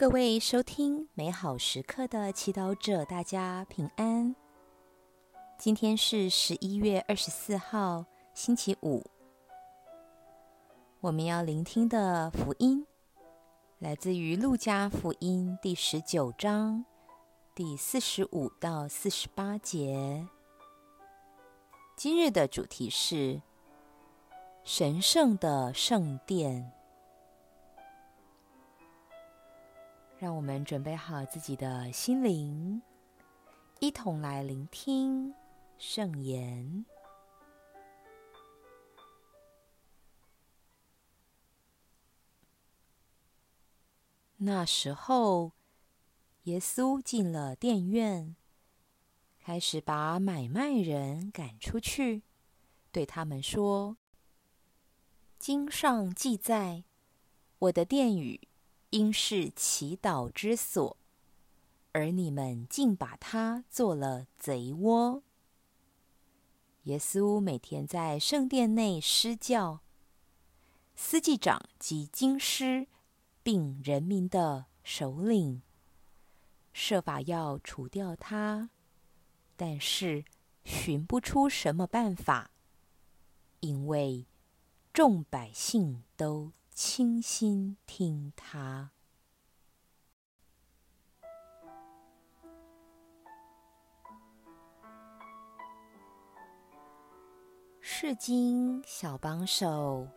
各位收聽美好時刻的祈禱者，大家平安。今天是十一月二十四號，星期五。我們要聆聽的福音來自於《路加福音》第十九章第四十五到四十八節。今日的主題是神聖的聖殿。讓我們準備好自己的心靈，一同來聆聽聖言。那時候，耶穌進了殿院，開始把買賣人趕出去，對他們說：“經上記載，我的殿宇。”應是祈禱之所，而你們竟把它做了賊窩。耶穌每天在聖殿內施教，司祭長及經師並人民的首領，設法要除掉他，但是尋不出什麼辦法，因為眾百姓都傾心聽他。釋經小幫手，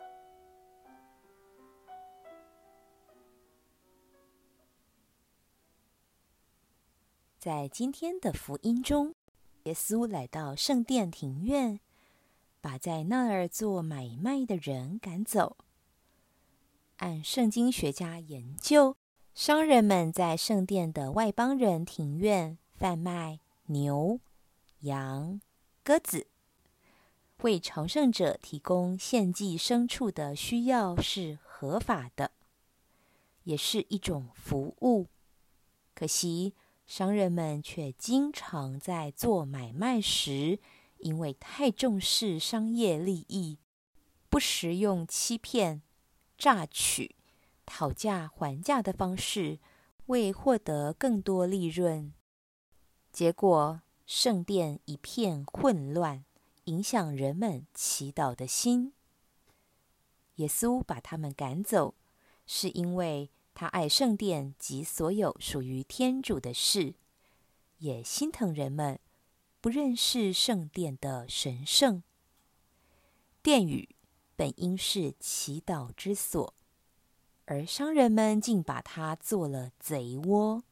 在今天的福音中，耶穌來到聖殿庭院，把在那兒做買賣的人趕走。按聖經學家研究，商人們在聖殿的外邦人庭院販賣牛、羊、鴿子，為朝聖者提供獻祭牲畜的需要是合法的，也是一種服務。可惜，商人們卻經常在做買賣時，因為太重視商業利益，不時用欺騙、詐取、討價還價的方式，為獲得更多利潤，結果聖殿一片混亂，影響人們祈禱的心。耶穌把他們趕走，是因為他愛聖殿及所有屬於天主的事，也心疼人們不認識聖殿的神聖。殿宇本應是祈禱之所，而商人們竟把它做了賊窩，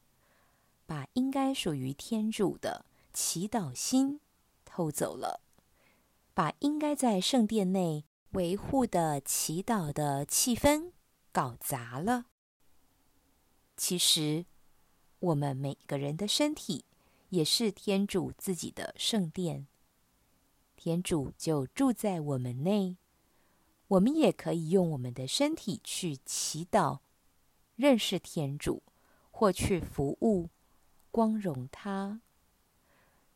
把應該屬於天主的祈禱心偷走了，把應該在聖殿內維護的祈禱的氣氛搞砸了。其實，我們每個人的身體也是天主自己的聖殿，天主就住在我們內。我們也可以用我們的身體去祈禱，認識天主，或去服務，光榮他。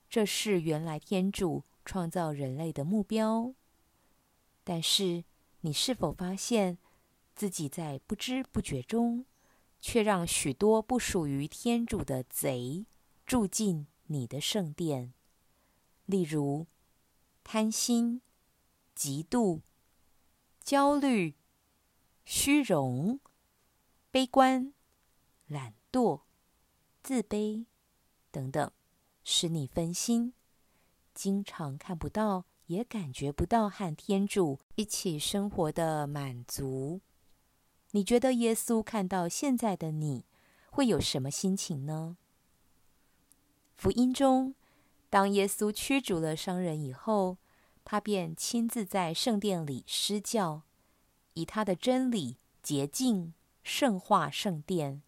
這是原來天主創造人類的目標。但是，你是否發現自己在不知不覺中，卻讓許多不屬於天主的賊住進你的聖殿？例如，貪心、嫉妒。焦慮、虛榮、悲觀、懶惰、自卑等等，使你分心，經常看不到也感覺不到和天主一起生活的滿足。你覺得耶穌看到現在的你，會有什麼心情呢？福音中，當耶穌驅逐了商人以後，他便親自在聖殿裡施教，以他的真理潔淨聖化聖殿，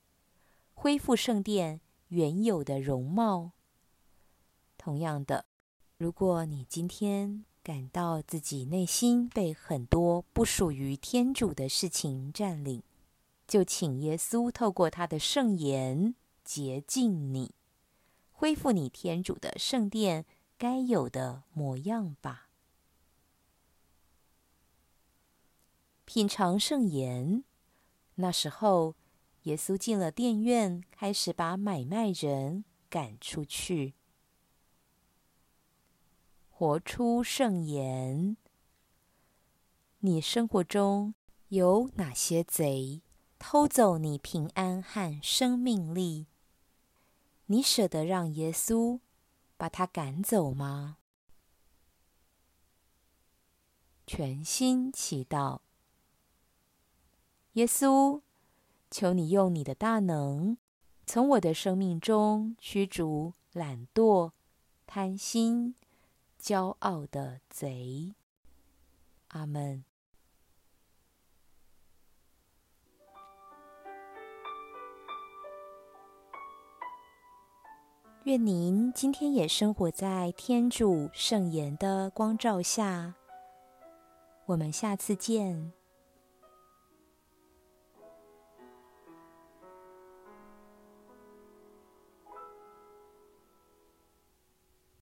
恢復聖殿原有的容貌。同樣的，如果你今天感到自己內心被很多不屬於天主的事情占領，就請耶穌透過他的聖言潔淨你，恢復你天主的聖殿該有的模樣吧。品嚐聖言。那時候，耶穌進了殿院，開始把買賣人趕出去。活出聖言。你生活中有哪些賊，偷走你平安和生命力？你捨得讓耶穌把它趕走嗎？全心祈禱。耶穌，求你用你的大能，從我的生命中驅逐懶惰、貪心、驕傲的賊。阿門。願您今天也生活在天主聖言的光照下。我們下次見。